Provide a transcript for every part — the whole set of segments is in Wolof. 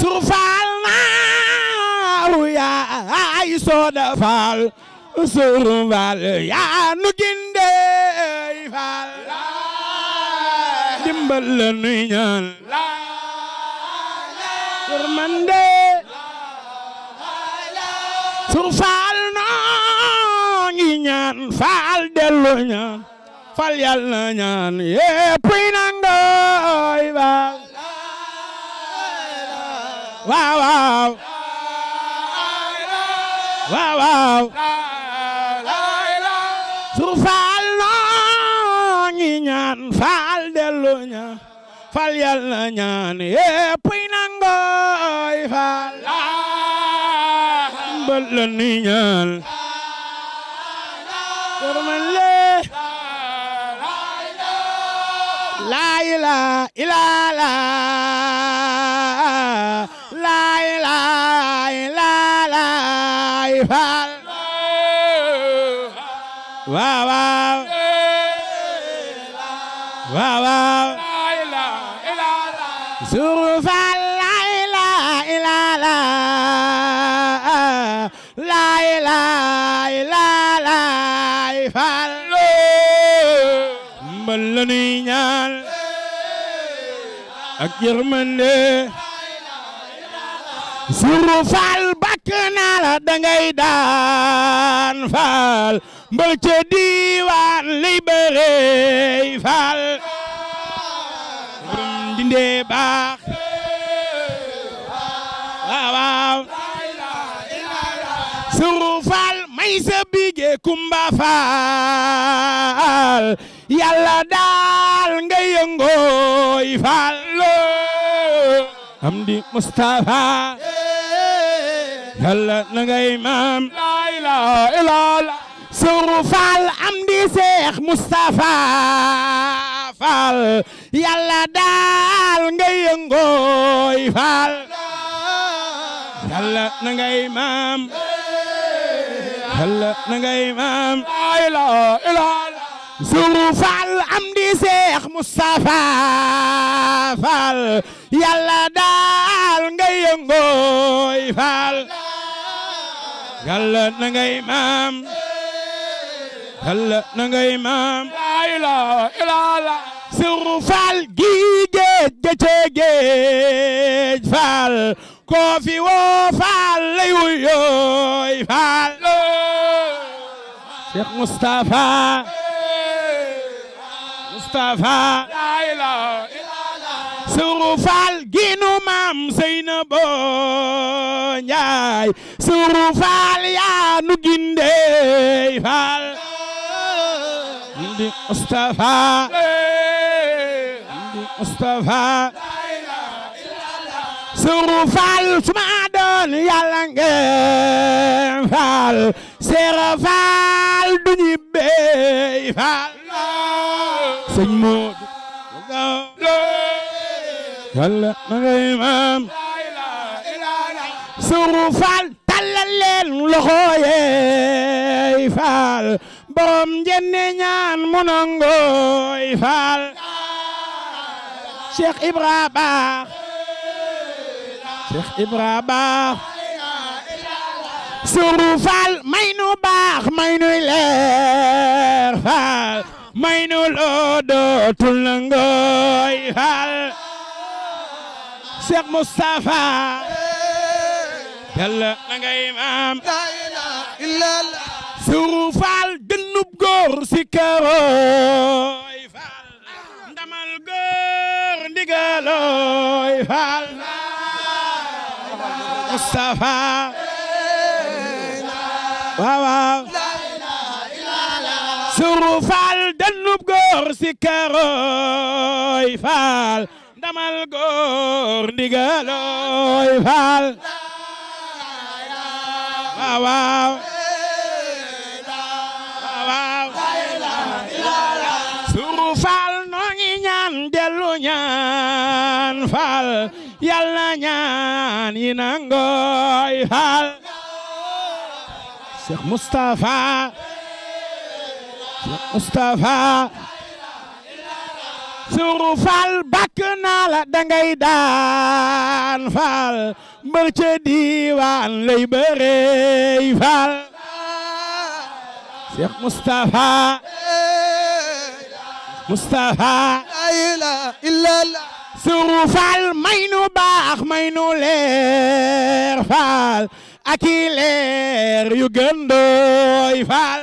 surfaal naaru yaay sooda faal surfaal yaa nu gindeey faal dimbal la nuy ñaan surmande surfaal noo ngi ñaan faal dellu ñaan faal yàlla ñaan yee puy nangooy waaw waaw waaw waaw suru faal noo ngi ñaan faal dellu ñaan faal yal na ñaan yépp yi nangooy faal mbal la ni ñaan la ilaha illallah lanuy ñaan suru faal bakk naa dangay daan faal mbël ca diiwaan lay faal borom dindee baax suru faal may sa bigee kumba faal yàlla daal nga yëngooy fallo am di Mustafa yàlla na ngay maam la ilaha illallah am di Seex Mustafa Fall yàlla daal nga yëngooy Fall yàlla na ngay maam Sourou am di Seex Moustapha Fall yàlla daal ngay yëngooy Fall yàlla na ngay maam laa ilaaha illallaah géej géej Fall koo woo Fall lay wuyooy Fall Seex Moustapha Mustafa la ilaha illallah Sourou Fall ginu maam Seynabo Njaay Sourou Fall yaa nu gindey Fall gindi Mustafa gindi Mustafa Sourou Fall suma doon Yàlla ngeen Fall Seera Fall du ñibbey Fall sëñ Moodu yàlla ma ngay maam suru faal tàllal leen loxo yeey faal borom jenne ñaan mu nangooy faal Cheikh Ibra baax Cheikh Ibra baax suru faal may baax may nuy leer faal aynu loo dootul nangooy hal Cheikh Moustapha yàlla na ngay maam suru faal gënub góor si karooy ndamal góor ndigalooy faal Moustapha waaw faal dannub góor sikkarooy faal ndamal góor ndigalooy faal faal noo ngi ñaan dellu ñaan faal nangooy faal Cheikh Moustapha Moustapha suru fal bakk naa la dangay daan fal mbër ca diiwaan lay bërey fal Cheikh Moustapha Moustapha la ilaha illallah suru fal may nu baax may nu leer fal aki leer yu gën doy fal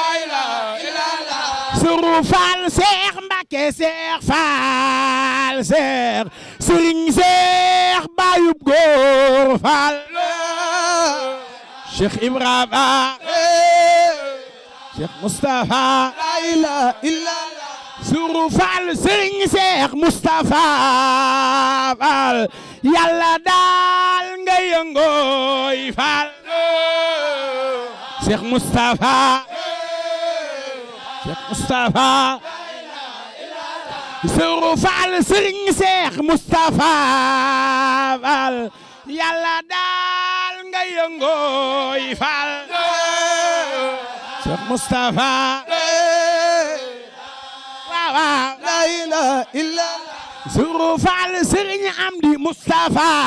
suru faal seex mbàkke seex faal seex sëriñ seex baayub góor faal Cheikh Ibrahima Cheikh seex Moustapha faal daal nga faal Cheikh Moustapha شيخ مصطفى سيرو فعل سيرين سيخ مصطفى فال يلا دال نغيونغوي فال شيخ مصطفى لا اله الا الله فعل سيرين عمدي مصطفى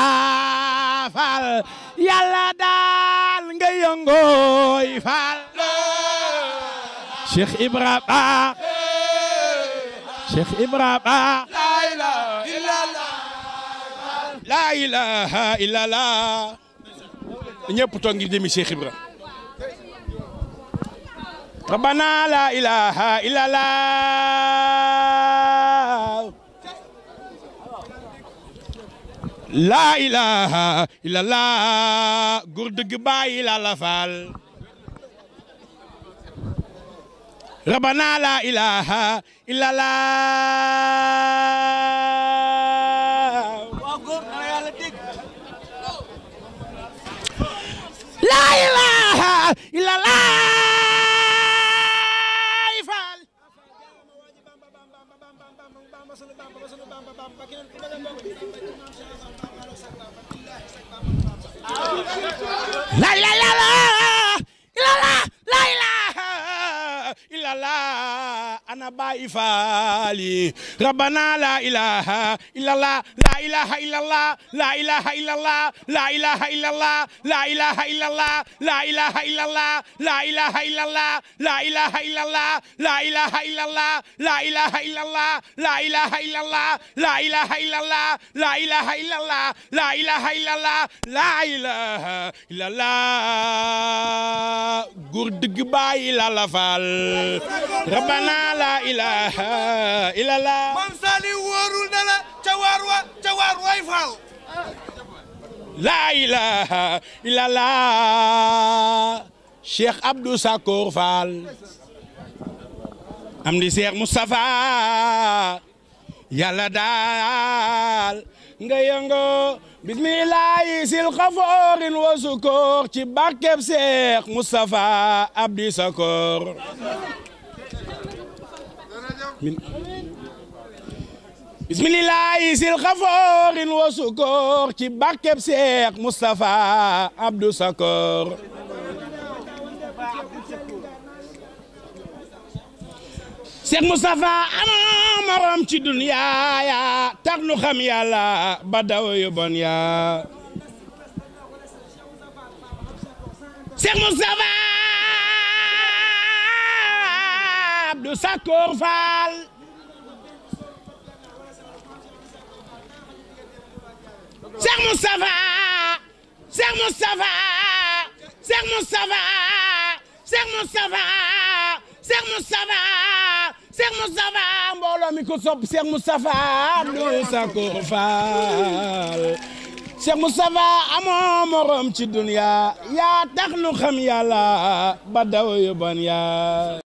فال يلا دال نغيونغوي فال Cheikh Ibra Ba Cheikh Ibra Ba la ilaha illallah la ilaha illallah ñëpp toog ngir jëmi Cheikh Ibra rabbana la ilaha illallah la ilaha illallah góor dëgg ربنا لا إله إلا الله لا إله إلا الله يفعل لا لا لا لا أنا باي فالي ربنا لا إله إلا الله لا إله إلا الله لا إله إلا الله لا إله إلا الله لا إله إلا الله لا إله إلا الله لا إله إلا الله لا إله إلا الله لا إله إلا الله لا إله إلا الله لا إله إلا الله لا إله إلا الله لا إله إلا الله لا إله إلا الله لا إله إلا الله غور دغ باي لا لا فال rabbana la ilaha illallah maam Sali wóorul la ca waar wa ca waar faal am di Cheikh Moustapha yàlla daal nga yëngoo bismillahi sil xafoorin wa ci barkeb Cheikh Moustapha Abdou Sakor bismillaahi sil xafoorin wa sukoor ci barkeb Seex Mustapha Abdou Sakoor Seex Mustapha amoo morom ci duniyaa yaa tax nu xam yàlla ba daw yaa Seex Mustapha Abdou Sakoor Fall Cheikh Moustapha Cheikh Moustapha Cheikh Moustapha Cheikh Moustapha Cheikh Moustapha Cheikh Moustapha ci dunya yaa tax nu xam yàlla yaa